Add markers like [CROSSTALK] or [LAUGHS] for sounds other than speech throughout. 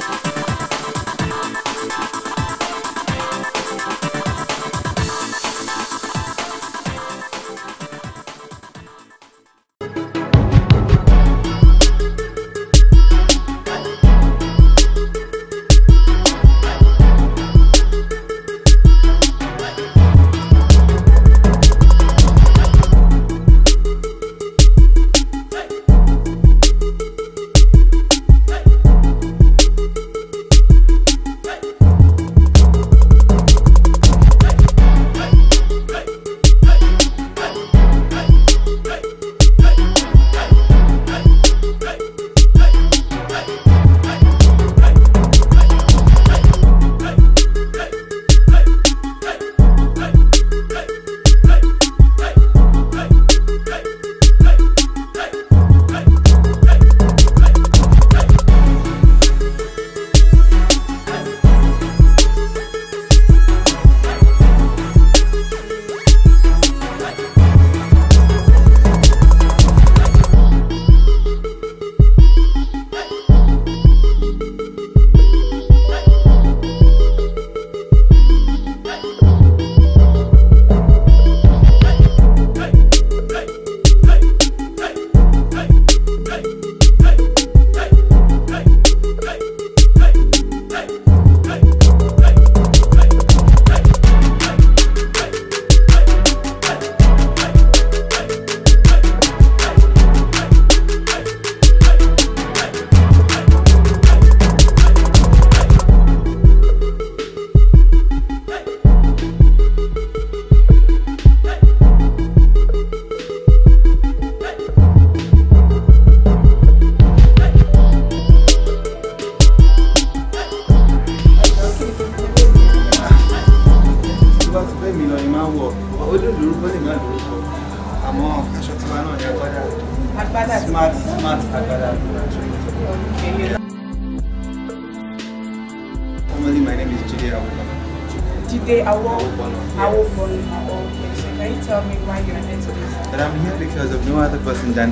thank you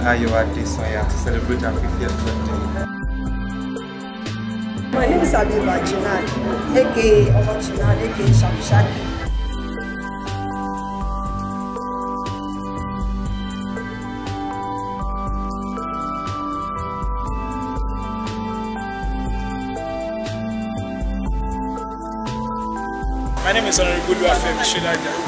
Ayawati Soya to celebrate our 50th birthday. My name is Abiba Chinan, aka Omo Chinan, aka Shakishaki. My name is Honorable Luafe Mishilaja.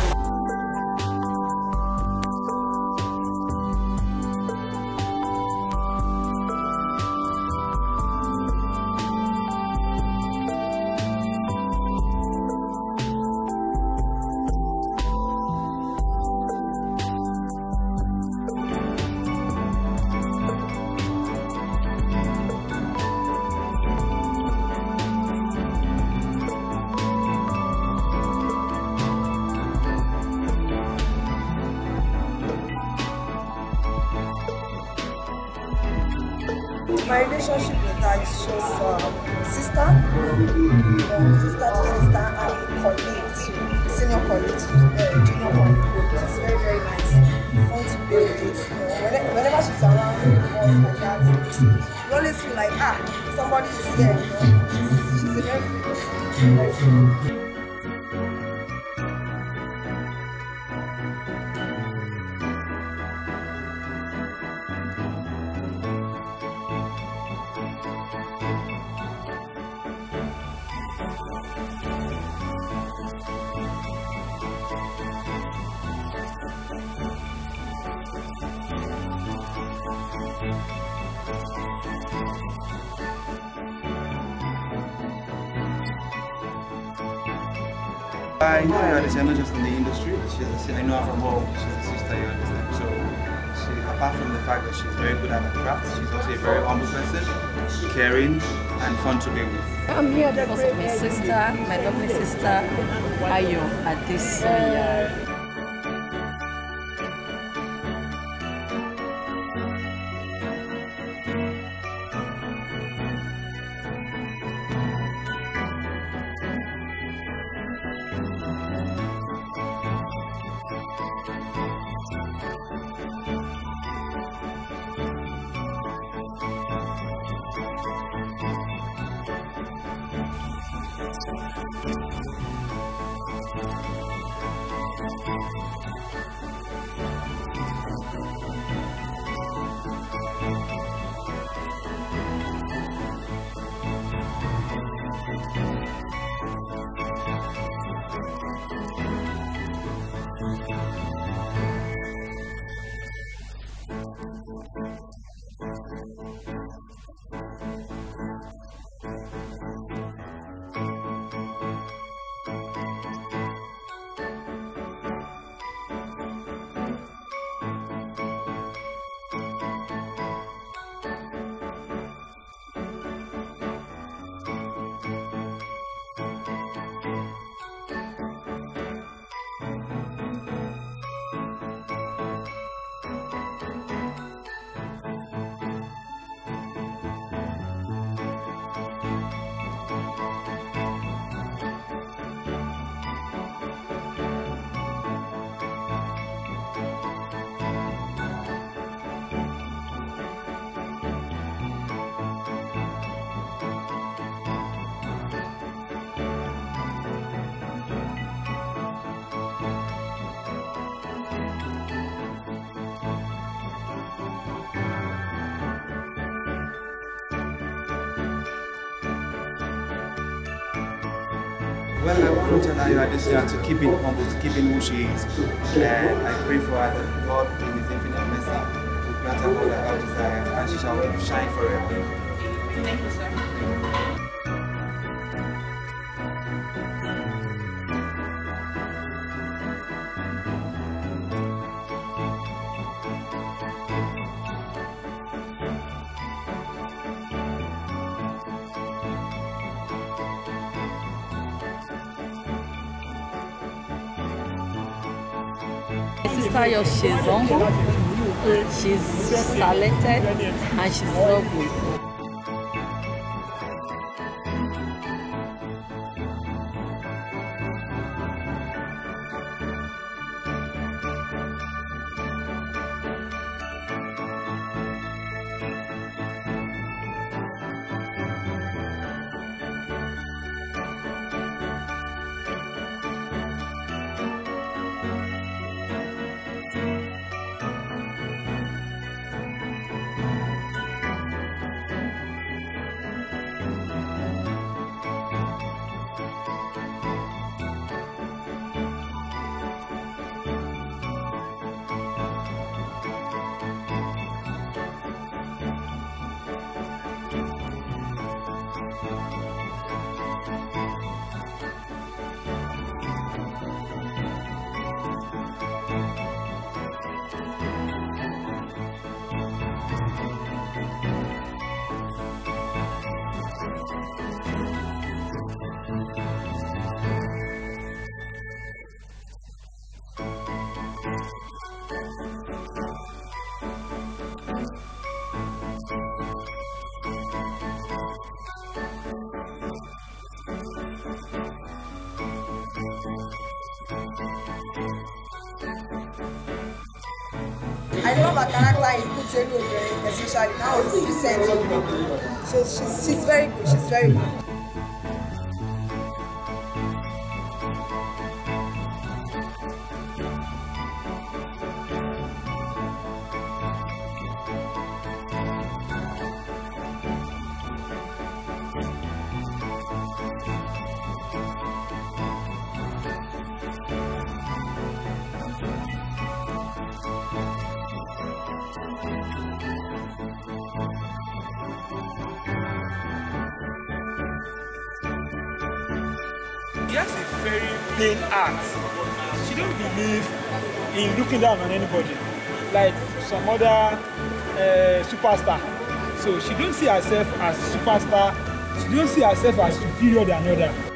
Amen. apart from the fact that she's very good at her craft, she's also a very humble person, caring and fun to be with. I'm here because of my sister, my lovely sister, Ayo, at this uh, Thank you. Well, I want to tell Ayo Adesina to keep it humble, to keep it who she is. And I pray for her that God, in His infinite mercy, will grant her all that her desires and she shall shine forever. Thank you, sir. Thank you. offer your shizong. She's talented and she's lovely. I love her character in Kutelu, especially now it's recent. So she's, she's very good, she's very good. looking down on anybody, like some other uh, superstar. So she don't see herself as superstar. She don't see herself as superior than other.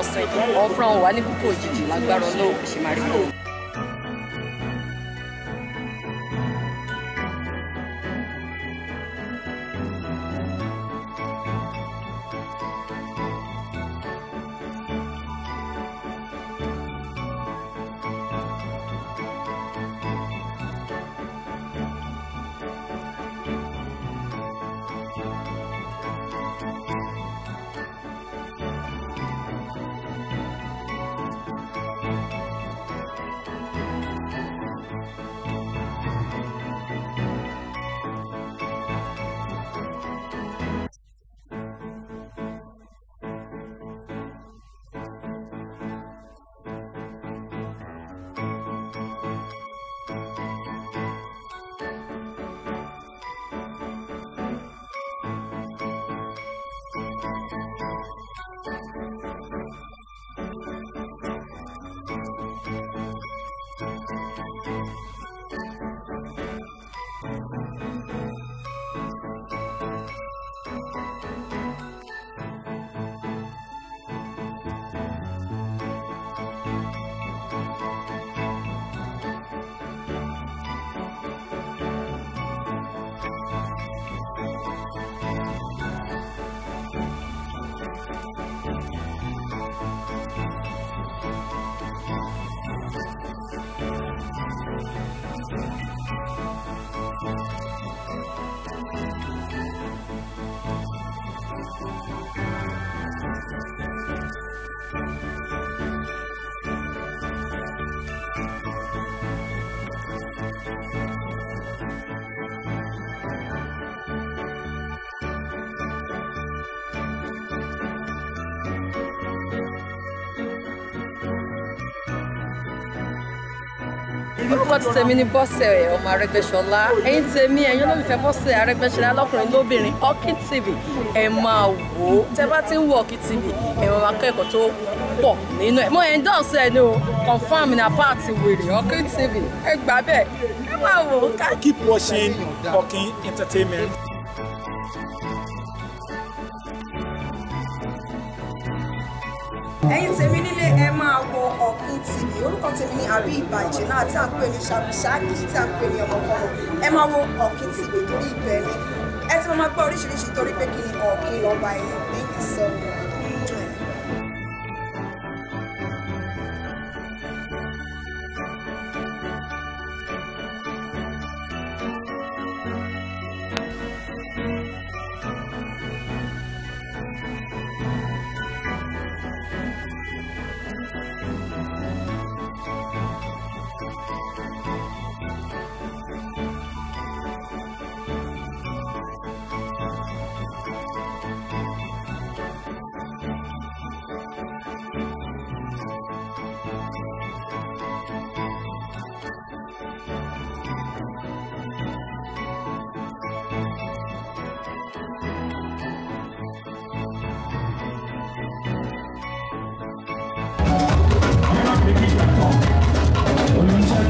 ọ̀sẹ̀ yìí ọ̀fúnra wà ní òjijì lágbára ọlọ́run kò ṣe máa rí wọn. orúkọ ti tèmi ni bọ́sẹ̀ ọmọ Arẹ́gbẹ́ṣọlá ẹ̀yin tèmi ẹ̀yin olólùfẹ́ bọ́sẹ̀ Arẹ́gbẹ́ṣọlá lọ́kùnrin lóbìnrin Ọ̀kì TV ẹ̀ máa wò ó tẹ́ bá ti ń wo Ọ̀kì TV ẹ̀ máa wá kẹ́kọ̀ọ́ tó pọ̀ nínú ẹ̀ mo endorse ẹ̀ ni o confam ní apá wèrè Ọ̀kì TV ẹ gbà bẹ́ẹ̀ ẹ máa wò ó ká. keep watching Ọ̀kì entertainment. ẹ̀yin tèmi TV orúkọ tèmi ní àrí ìbàjẹ́ náà tí à ń pè ní ṣàbùṣáàkì tí à ń pè ní ọmọkọ́mọ ẹ máa wo Ọ̀kín TV torí ìbẹ̀rẹ̀ ẹ ti máa gbọ́ oríṣiríṣi torí pé kí ni Ọ̀kín lọ́ba ẹ̀yìn ní ìsọ̀rọ̀.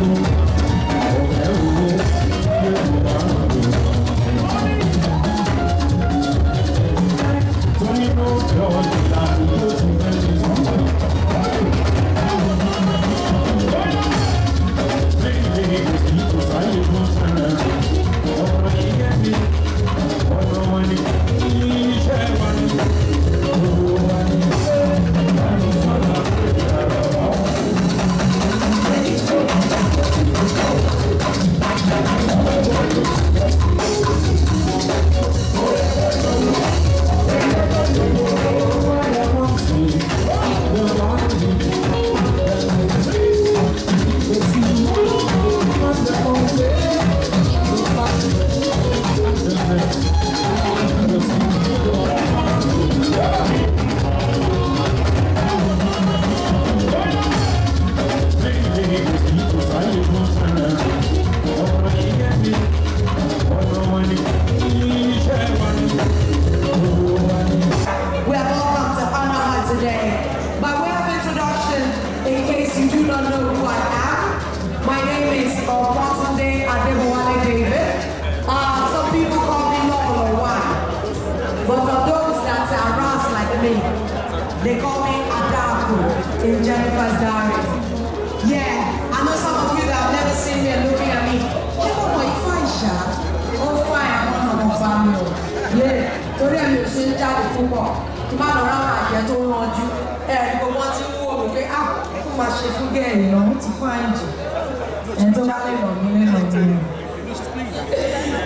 Thank you.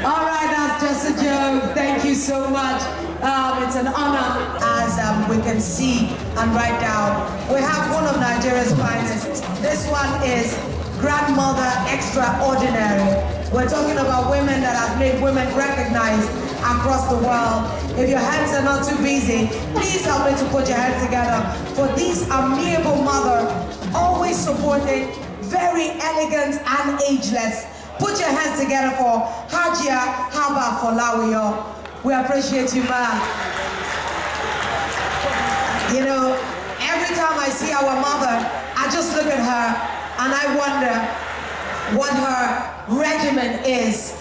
Ah, alright that's just a joke. Thank you so much. Um, it's an honor as um, we can see and write down. We have one of Nigeria's finest. This one is Grandmother Extraordinary. We're talking about women that have made women recognized across the world. If your hands are not too busy, please help me to put your hands together for this amiable mother, always supported, very elegant and ageless. Put your hands together for Hajia Haba Folawiyo. We appreciate you, ma. You know, every time I see our mother, I just look at her and I wonder what her regimen is.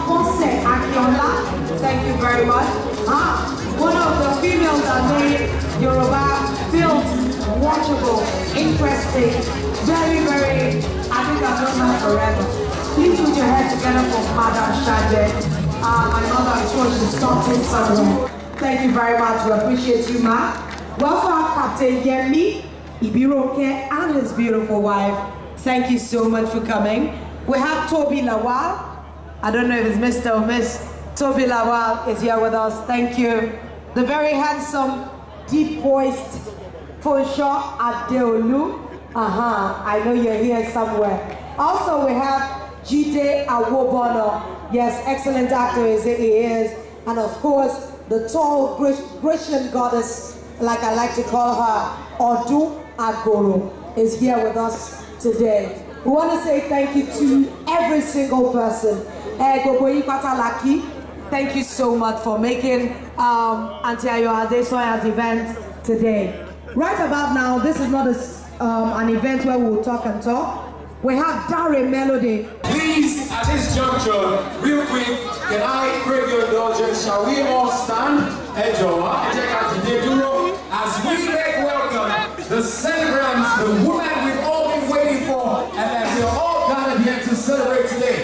interesting, very, very, I think I've known her forever. Please put your head together for Father Shadet. Uh, my mother, I'm sure she's talking somewhere. Thank you very much. We appreciate you, ma. Welcome, Captain Yemi Ibiroke and his beautiful wife. Thank you so much for coming. We have Toby Lawal. I don't know if it's Mr. or Miss. Toby Lawal is here with us. Thank you. The very handsome, deep-voiced, Funshaw Adeolu. Uh-huh, I know you're here somewhere. Also, we have Jide Awobono. Yes, excellent actor as he is. And of course, the tall Grecian goddess, like I like to call her, Odu Agoro, is here with us today. We want to say thank you to every single person. Eh, thank you so much for making um, Auntie Ayo Adesoya's event today. Right about now, this is not a, um, an event where we'll talk and talk. We have Dari Melody. Please, at this juncture, real quick, can I crave your indulgence? Shall we all stand? and check out the as we make welcome the celebrants, the woman we've all been waiting for, and that we're all gathered here to celebrate today.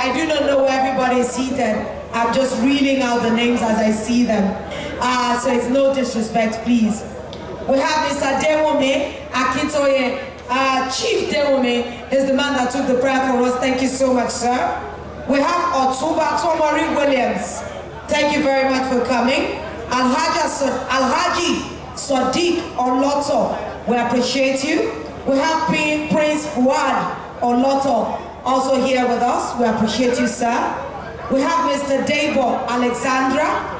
I do not know where everybody is seated. I'm just reading out the names as I see them. Uh, so it's no disrespect, please. We have Mr. Demome Akitoye. Uh, Chief Demome is the man that took the prayer for us. Thank you so much, sir. We have Otuba Tomori Williams. Thank you very much for coming. Alhaja, Alhaji Sadiq Oloto, we appreciate you. We have Prince Fuad Oloto also here with us. We appreciate you, sir. We have Mr. Debo Alexandra.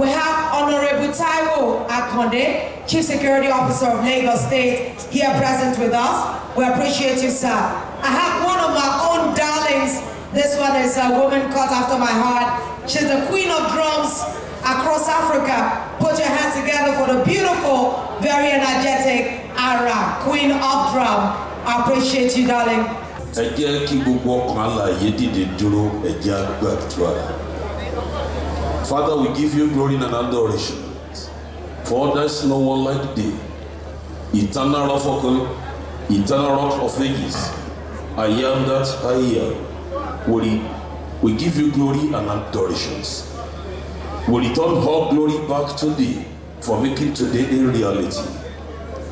We have Honorable Taiwo Akonde, Chief Security Officer of Lagos State, here present with us. We appreciate you, sir. I have one of my own darlings. This one is a woman caught after my heart. She's the queen of drums across Africa. Put your hands together for the beautiful, very energetic Ara, Queen of Drum. I appreciate you, darling. Ẹ jẹ́ kí gbogbo ọkàn alààyè dìde dúró ẹ jẹ́ àgbàdúrà. Father, we give you glory and adoration. For there's no one like thee. Eternal rock of, eternal rock of ages. I am that I am. We, we give you glory and adorations. We return all glory back to thee for making today a reality.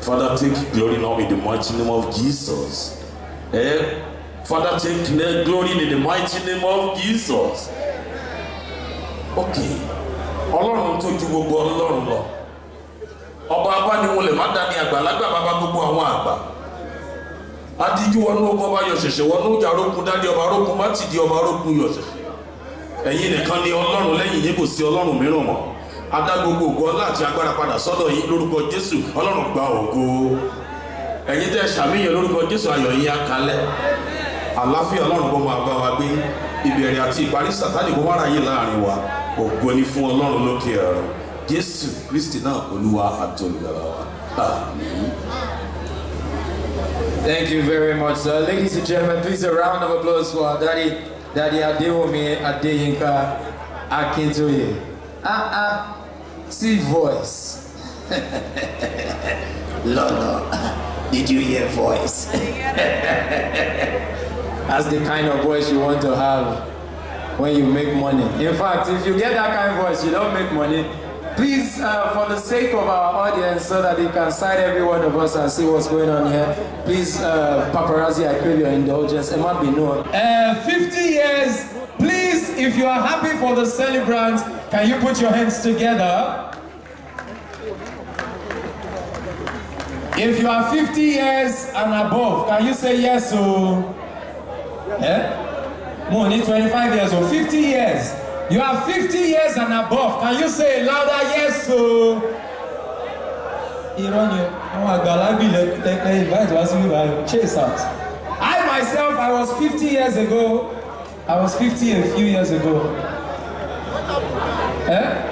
Father, take glory now in the mighty name of Jesus. Eh? Father, take glory in the mighty name of Jesus. Okay. Ọlọ́run tó ju gbogbo Ọlọ́run lọ. Ọba abániwọlẹ̀ má dání àgbàlagbà bàbá gbogbo àwọn àgbà. Adíjú wọnú ọkọ̀ ọba yọ̀ṣẹ̀ṣẹ̀ wọnú ìjà rókun dádì ọba rókun má ti di ọba rókun yọ̀ṣẹ̀ṣẹ̀. Ẹ̀yin nìkan ni Ọlọ́run lẹ́yìn yín kò sí Ọlọ́run mìíràn mọ́ adá ògo ọlá àti agbára padà sọ́dọ̀ yín lórúkọ jésù ọlọ́run gba ògo ẹ̀yin tẹ́ ṣàmìyàn lórúkọ jésù ayọ̀ yín akalẹ̀ àláfíà ọlọ́run kó máa wa gbé ìbẹ̀rẹ̀ àti ìparí sàtánì kó wára yìí láàrin wa ògo ni fún ọlọ́run lókè ẹ̀rọ jésù kristi náà olúwa àti wa àmín. Thank you very much, sir. Ladies and gentlemen, please a round of applause for our daddy, Daddy Adewumi Adeyinka Akintoye. Ah, ah. See voice. [LAUGHS] Lola, did you hear voice? [LAUGHS] That's the kind of voice you want to have when you make money. In fact, if you get that kind of voice, you don't make money. Please, uh, for the sake of our audience, so that they can sight every one of us and see what's going on here, please, uh, paparazzi, I crave your indulgence. It might be known. Uh, 50 years Please, if you are happy for the celebrants, can you put your hands together? If you are 50 years and above, can you say yes or... Yeah. No, 25 years or 50 years. You are 50 years and above. Can you say louder yes or... Oh? Ironic. I myself, I was 50 years ago I was 50 a few years ago. Eh?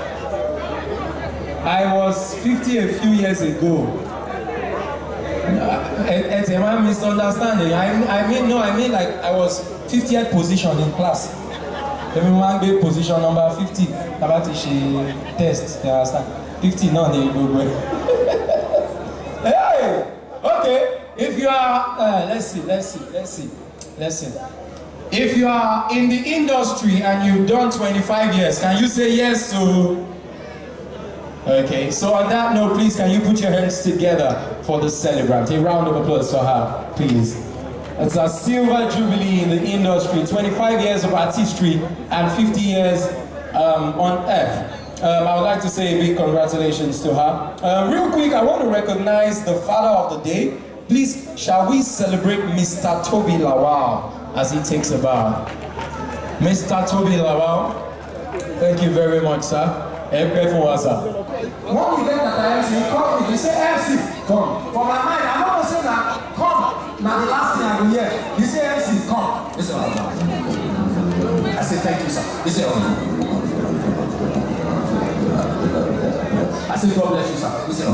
I was 50 a few years ago. As eh, eh, a man misunderstanding, I, I mean, no, I mean like I was 50th position in class. Every man gave position number 50. About to she test, you understand? 50, no, they go away. Hey! Okay, if you are, uh, let's see, let's see, let's see, let's see. If you are in the industry and you've done 25 years, can you say yes Okay, so on that note, please can you put your hands together for the celebrant? A round of applause for her, please. It's a silver jubilee in the industry, 25 years of artistry and 50 years um, on earth. Um, I would like to say a big congratulations to her. Uh, real quick, I want to recognize the father of the day. Please, shall we celebrate Mr. Toby Lawal? as he takes a bow. Mr. Toby Lawal, thank you very much, sir. Epe for us, sir. One event that I MC, you call me, you say MC, come. For my mind, I'm not saying that, come. Now the last thing I will hear, you say MC, come. This is what I say thank you, sir. This is what I say God bless you, sir. This is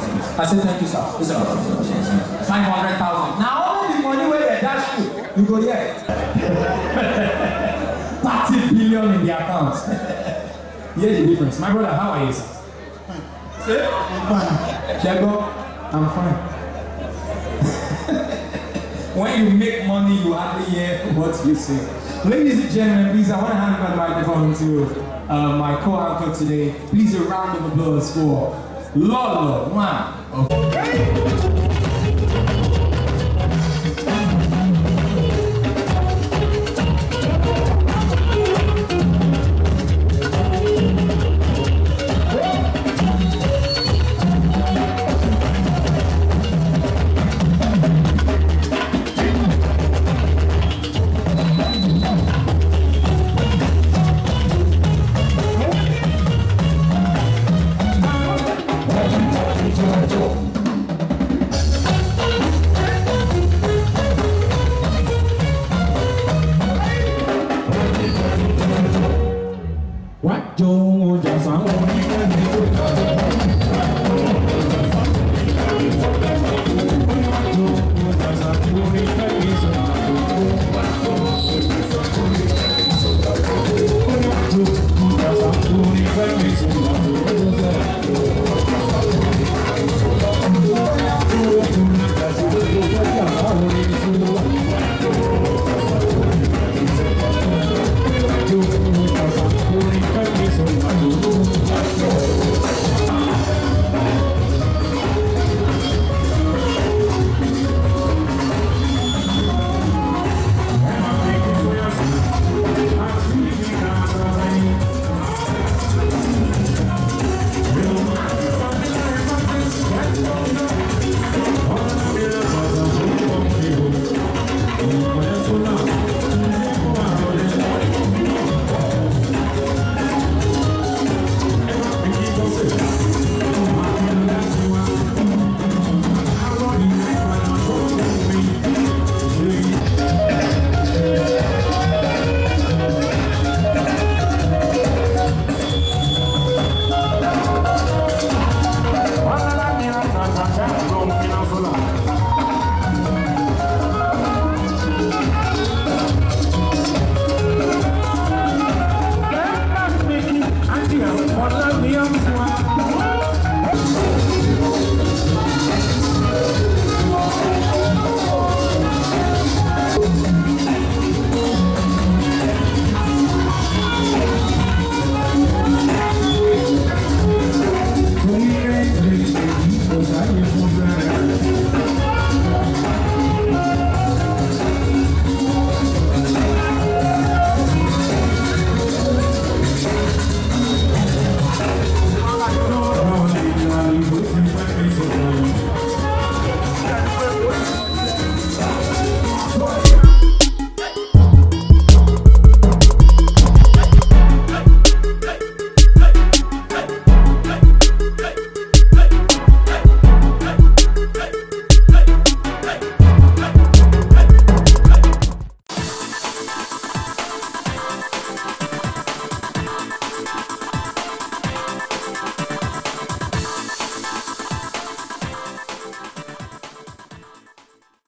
what I said, thank you, sir. He said, 500,000. Now, all the money where they dash you, you go, there. [LAUGHS] 30 billion in the account. Here's the difference. My brother, how are you, sir? Fine. Say? I'm fine. Shego, I'm fine. when you make money, you hardly hear what you say. Ladies and gentlemen, please, I want to hand my microphone to uh, my co-anchor today. Please, a round of applause for Lolo. One. Okay.